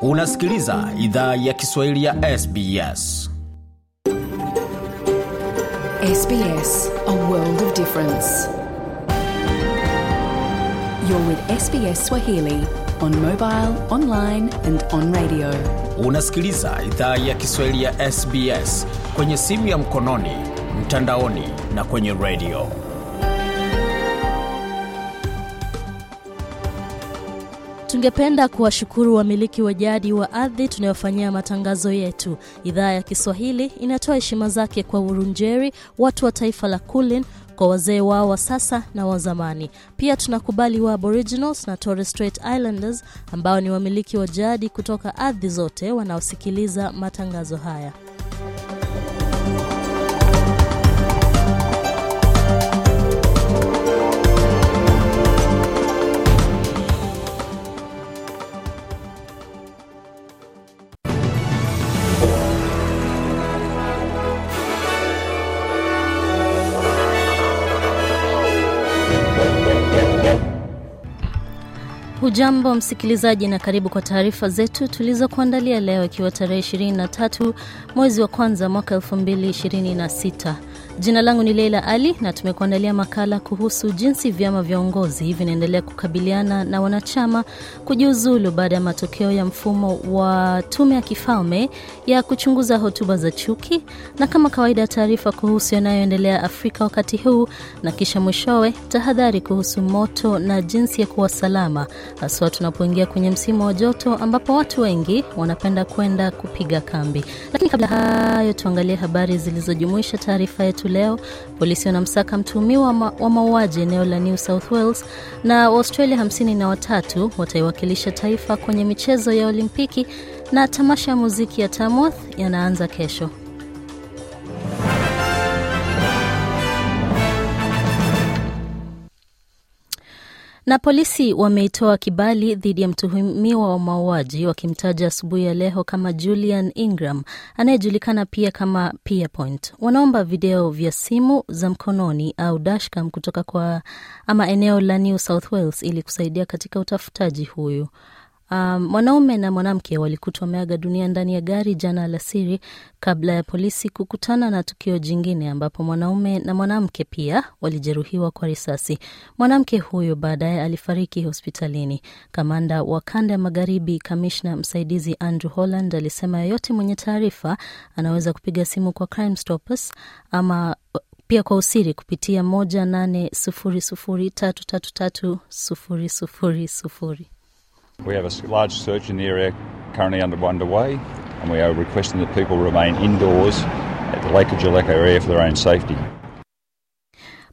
unasikiliza idhaa ya kiswahili ya sbs sbs a world of difference You're with SBS Swahili on mobile, online and on radio. Unasikiliza idhaa ya Kiswahili ya SBS kwenye simu ya mkononi, mtandaoni na kwenye radio Tungependa kuwashukuru wamiliki wa jadi wa ardhi tunayofanyia matangazo yetu. Idhaa ya Kiswahili inatoa heshima zake kwa Urunjeri, watu wa taifa la Kulin, kwa wazee wao wa sasa na wa zamani. Pia tunakubali wa Aboriginals na Torres Strait Islanders ambao ni wamiliki wa jadi kutoka ardhi zote wanaosikiliza matangazo haya. Hujambo msikilizaji na karibu kwa taarifa zetu tulizokuandalia leo, ikiwa tarehe 23 mwezi wa kwanza mwaka 2026. Jina langu ni Leila Ali na tumekuandalia makala kuhusu jinsi vyama vya uongozi vinaendelea kukabiliana na wanachama kujiuzulu baada ya matokeo ya mfumo wa tume ya kifalme ya kuchunguza hotuba za chuki, na kama kawaida, taarifa kuhusu yanayoendelea Afrika wakati huu, na kisha mwishowe tahadhari kuhusu moto na jinsi ya kuwa salama, haswa tunapoingia kwenye msimu wa joto ambapo watu wengi wanapenda kwenda kupiga kambi. Lakini kabla hayo, tuangalie habari zilizojumuisha taarifa yetu leo, polisi wanamsaka mtuhumiwa ma, wa mauaji eneo la New South Wales, na Australia 53 wataiwakilisha taifa kwenye michezo ya Olimpiki na tamasha ya muziki ya tamoth yanaanza kesho. Na polisi wameitoa kibali dhidi ya mtuhumiwa wa mauaji wakimtaja asubuhi ya leo kama Julian Ingram anayejulikana pia kama Pierpoint. Wanaomba video vya simu za mkononi au dashcam kutoka kwa ama eneo la New South Wales ili kusaidia katika utafutaji huyu. Um, mwanaume na mwanamke walikutwa wameaga dunia ndani ya gari jana alasiri kabla ya polisi kukutana na tukio jingine ambapo mwanaume na mwanamke pia walijeruhiwa kwa risasi. Mwanamke huyo baadaye alifariki hospitalini. Kamanda wa kanda ya magharibi, kamishna msaidizi Andrew Holland alisema yeyote mwenye taarifa anaweza kupiga simu kwa Crime Stoppers ama uh, pia kwa usiri kupitia moja nane sufuri sufuri tatu tatu tatu sufuri sufuri sufuri. We have a large search in the area currently under, underway, and we are requesting that people remain indoors at the Lake of Jaleka area for their own safety.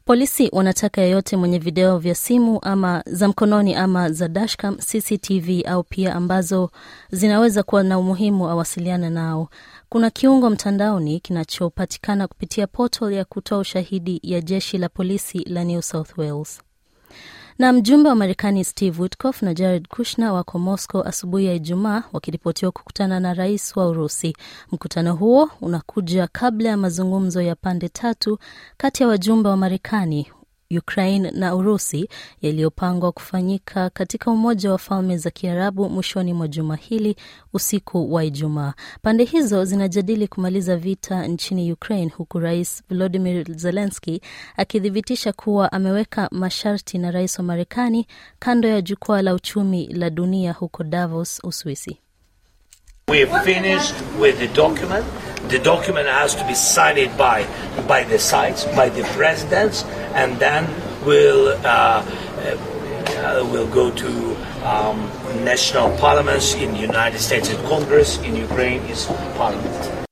Polisi wanataka yeyote mwenye video vya simu ama za mkononi ama za dashcam, CCTV au pia ambazo zinaweza kuwa na umuhimu awasiliane nao. Kuna kiungo mtandaoni kinachopatikana kupitia portal ya kutoa ushahidi ya jeshi la polisi la New South Wales. Na mjumbe wa Marekani Steve Witkoff na Jared Kushner wako Moscow asubuhi ya Ijumaa wakiripotiwa kukutana na rais wa Urusi. Mkutano huo unakuja kabla ya mazungumzo ya pande tatu kati ya wajumbe wa Marekani Ukraine na Urusi yaliyopangwa kufanyika katika Umoja wa Falme za Kiarabu mwishoni mwa juma hili usiku wa Ijumaa. Pande hizo zinajadili kumaliza vita nchini Ukraine, huku Rais Volodymyr Zelensky akithibitisha kuwa ameweka masharti na rais wa Marekani kando ya jukwaa la uchumi la dunia huko Davos, Uswisi. We have finished with the document. the document has to be signed by by the sides, by the presidents, and then will uh, uh, will go to um, national parliaments in the United States, in Congress, in Ukraine, is parliament.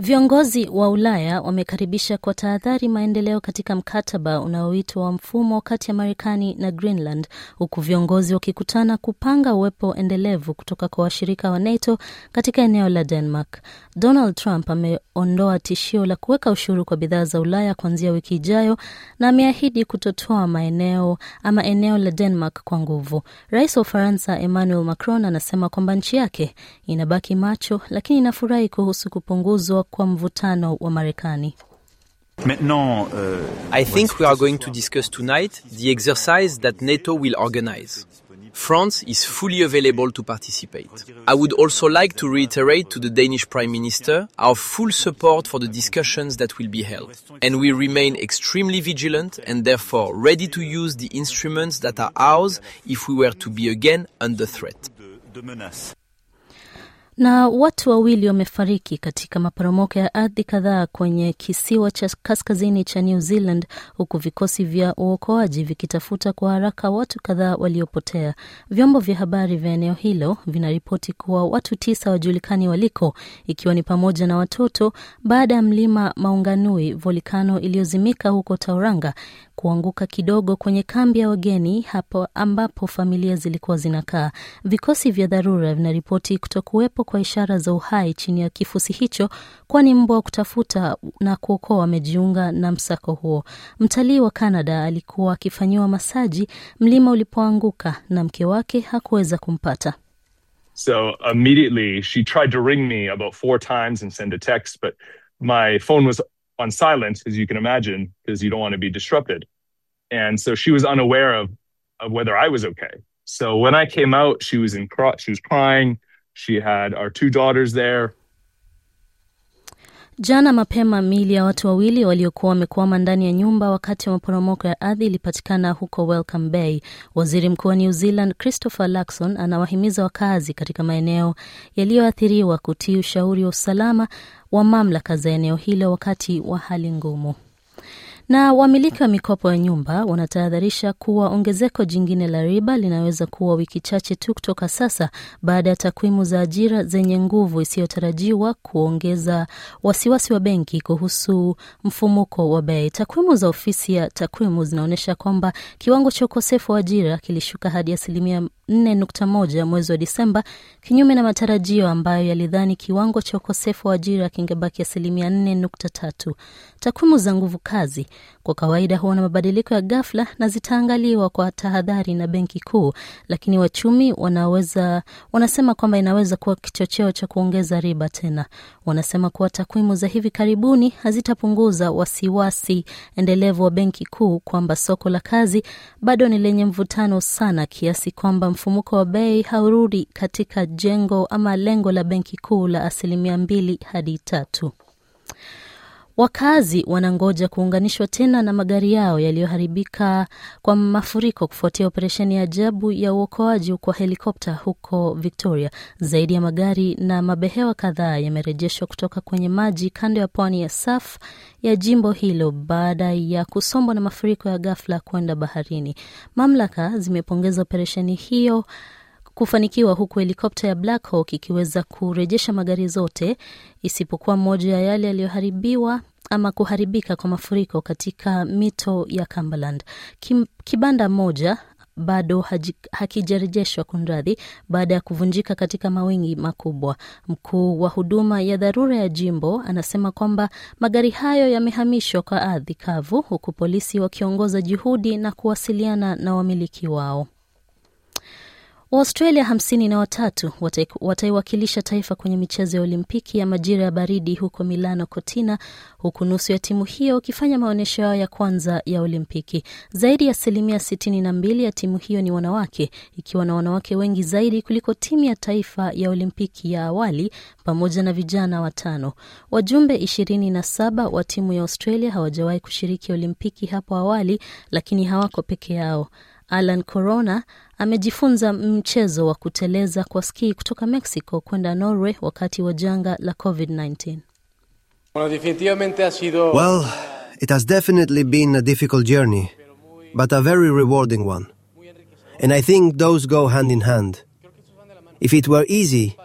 Viongozi wa Ulaya wamekaribisha kwa tahadhari maendeleo katika mkataba unaoitwa wa mfumo kati ya Marekani na Greenland, huku viongozi wakikutana kupanga uwepo endelevu kutoka kwa washirika wa NATO katika eneo la Denmark. Donald Trump ameondoa tishio la kuweka ushuru kwa bidhaa za Ulaya kuanzia wiki ijayo na ameahidi kutotoa maeneo ama eneo la Denmark kwa nguvu. Rais wa Ufaransa Emmanuel Macron anasema kwamba nchi yake inabaki macho, lakini inafurahi kuhusu kupunguzwa kwa mvutano wa Marekani. Uh, I think we are going to discuss tonight the exercise that NATO will organize. France is fully available to participate. I would also like to reiterate to the Danish Prime Minister our full support for the discussions that will be held. And we remain extremely vigilant and therefore ready to use the instruments that are ours if we were to be again under threat. Na watu wawili wamefariki katika maporomoko ya ardhi kadhaa kwenye kisiwa cha kaskazini cha New Zealand, huku vikosi vya uokoaji vikitafuta kwa haraka watu kadhaa waliopotea. Vyombo vya habari vya eneo hilo vinaripoti kuwa watu tisa wajulikani waliko, ikiwa ni pamoja na watoto, baada ya mlima Maunganui, volikano iliyozimika huko Tauranga kuanguka kidogo kwenye kambi ya wageni hapo ambapo familia zilikuwa zinakaa. Vikosi vya dharura vinaripoti kutokuwepo kwa ishara za uhai chini ya kifusi hicho, kwani mbwa wa kutafuta na kuokoa wamejiunga na msako huo. Mtalii wa Canada alikuwa akifanyiwa masaji mlima ulipoanguka na mke wake hakuweza kumpata. So immediately she tried to ring me about four times and send a text, but my phone was on silent, as you can imagine, because you don't want to be disrupted. And so she was unaware of, of whether I was okay. So when I came out, she was in she was crying. She had our two daughters there. Jana mapema miili ya watu wawili waliokuwa wamekwama ndani ya nyumba wakati wa maporomoko ya ardhi ilipatikana huko Welcome Bay. Waziri Mkuu wa New Zealand Christopher Luxon anawahimiza wakazi katika maeneo yaliyoathiriwa kutii ushauri wa usalama wa mamlaka za eneo hilo wakati wa hali ngumu. Na wamiliki wa mikopo ya nyumba wanatahadharisha kuwa ongezeko jingine la riba linaweza kuwa wiki chache tu kutoka sasa baada ya takwimu za ajira zenye nguvu isiyotarajiwa kuongeza wasiwasi wa benki kuhusu mfumuko wa bei. Takwimu za ofisi ya takwimu zinaonyesha kwamba kiwango cha ukosefu wa ajira kilishuka hadi asilimia 4.1 mwezi wa Disemba, kinyume na matarajio ambayo yalidhani kiwango cha ukosefu wa ajira kingebaki asilimia 4.3. Takwimu za nguvu kazi kwa kawaida huwa na mabadiliko ya ghafla na zitaangaliwa kwa tahadhari na Benki Kuu, lakini wachumi wanaweza, wanasema kwamba inaweza kuwa kichocheo cha kuongeza riba tena. Wanasema kuwa takwimu za hivi karibuni hazitapunguza wasiwasi endelevu wa Benki Kuu kwamba soko la kazi bado ni lenye mvutano sana kiasi kwamba mfumuko wa bei haurudi katika jengo ama lengo la Benki Kuu la asilimia mbili hadi tatu. Wakazi wanangoja kuunganishwa tena na magari yao yaliyoharibika kwa mafuriko kufuatia operesheni ya ajabu ya uokoaji kwa helikopta huko Victoria. Zaidi ya magari na mabehewa kadhaa yamerejeshwa kutoka kwenye maji kando ya pwani ya Surf ya jimbo hilo baada ya kusombwa na mafuriko ya ghafla kwenda baharini. Mamlaka zimepongeza operesheni hiyo kufanikiwa huku helikopta ya Black Hawk ikiweza kurejesha magari zote isipokuwa moja ya yale yaliyoharibiwa ama kuharibika kwa mafuriko katika mito ya Cumberland. Kim, kibanda moja bado hakijarejeshwa kunradhi, baada ya kuvunjika katika mawingi makubwa. Mkuu wa huduma ya dharura ya jimbo anasema kwamba magari hayo yamehamishwa kwa ardhi kavu, huku polisi wakiongoza juhudi na kuwasiliana na wamiliki wao. Waustralia 53 wataiwakilisha taifa kwenye michezo ya Olimpiki ya majira ya baridi huko Milano Cortina, huku nusu ya timu hiyo wakifanya maonyesho yao ya kwanza ya Olimpiki. Zaidi ya asilimia 62 ya timu hiyo ni wanawake, ikiwa na wanawake wengi zaidi kuliko timu ya taifa ya Olimpiki ya awali, pamoja na vijana watano. Wajumbe 27 wa timu ya Australia hawajawahi kushiriki Olimpiki hapo awali, lakini hawako peke yao. Alan Corona amejifunza mchezo wa kuteleza kwa ski kutoka Mexico kwenda Norway wakati wa janga la COVID-19. Well, it has definitely been a difficult journey, but a very rewarding one. And I think those go hand in hand. If it were easy,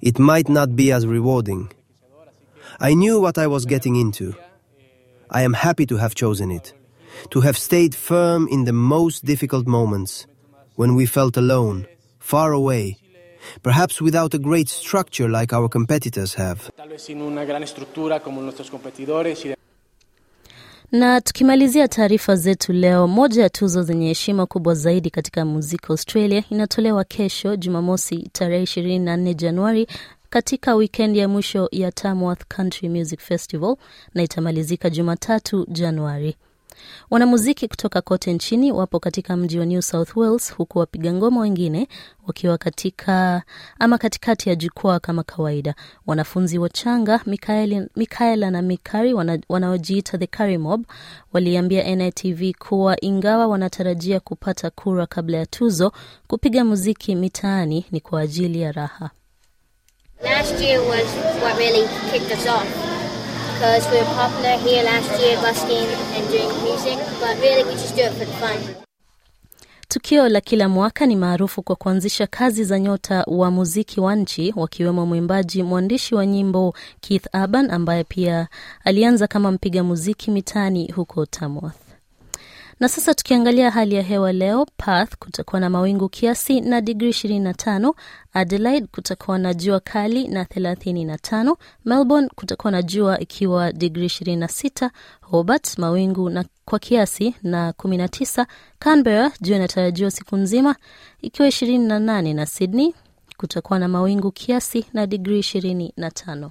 it might not be as rewarding. I knew what I was getting into. I am happy to have chosen it to have stayed firm in the most difficult moments, when we felt alone, far away, perhaps without a great structure like our competitors have. Na tukimalizia taarifa zetu leo, moja ya tuzo zenye heshima kubwa zaidi katika muziki Australia inatolewa kesho Jumamosi tarehe 24 Januari katika wikendi ya mwisho ya Tamworth Country Music Festival na itamalizika Jumatatu Januari. Wanamuziki kutoka kote nchini wapo katika mji wa New South Wales, huku wapiga ngoma wengine wakiwa katika ama katikati ya jukwaa kama kawaida. Wanafunzi wachanga Mikaela, Mikaela na Mikari wana, wanaojiita the Curry Mob waliambia NITV kuwa ingawa wanatarajia kupata kura kabla ya tuzo, kupiga muziki mitaani ni kwa ajili ya raha. Last year was what really because we were popular here last year busking and doing music, but really we just do it for the fun. Tukio la kila mwaka ni maarufu kwa kuanzisha kazi za nyota wa muziki wa nchi wakiwemo mwimbaji mwandishi wa nyimbo Keith Urban ambaye pia alianza kama mpiga muziki mitaani huko Tamworth. Na sasa tukiangalia hali ya hewa leo, Perth kutakuwa na mawingu kiasi na digri 25. Adelaide kutakuwa na jua kali na 35. Melbourne kutakuwa na jua ikiwa digri 26. Hobart mawingu na kwa kiasi na 19. Canberra jua inatarajiwa siku nzima ikiwa 28, na Sydney kutakuwa na mawingu kiasi na digri 25.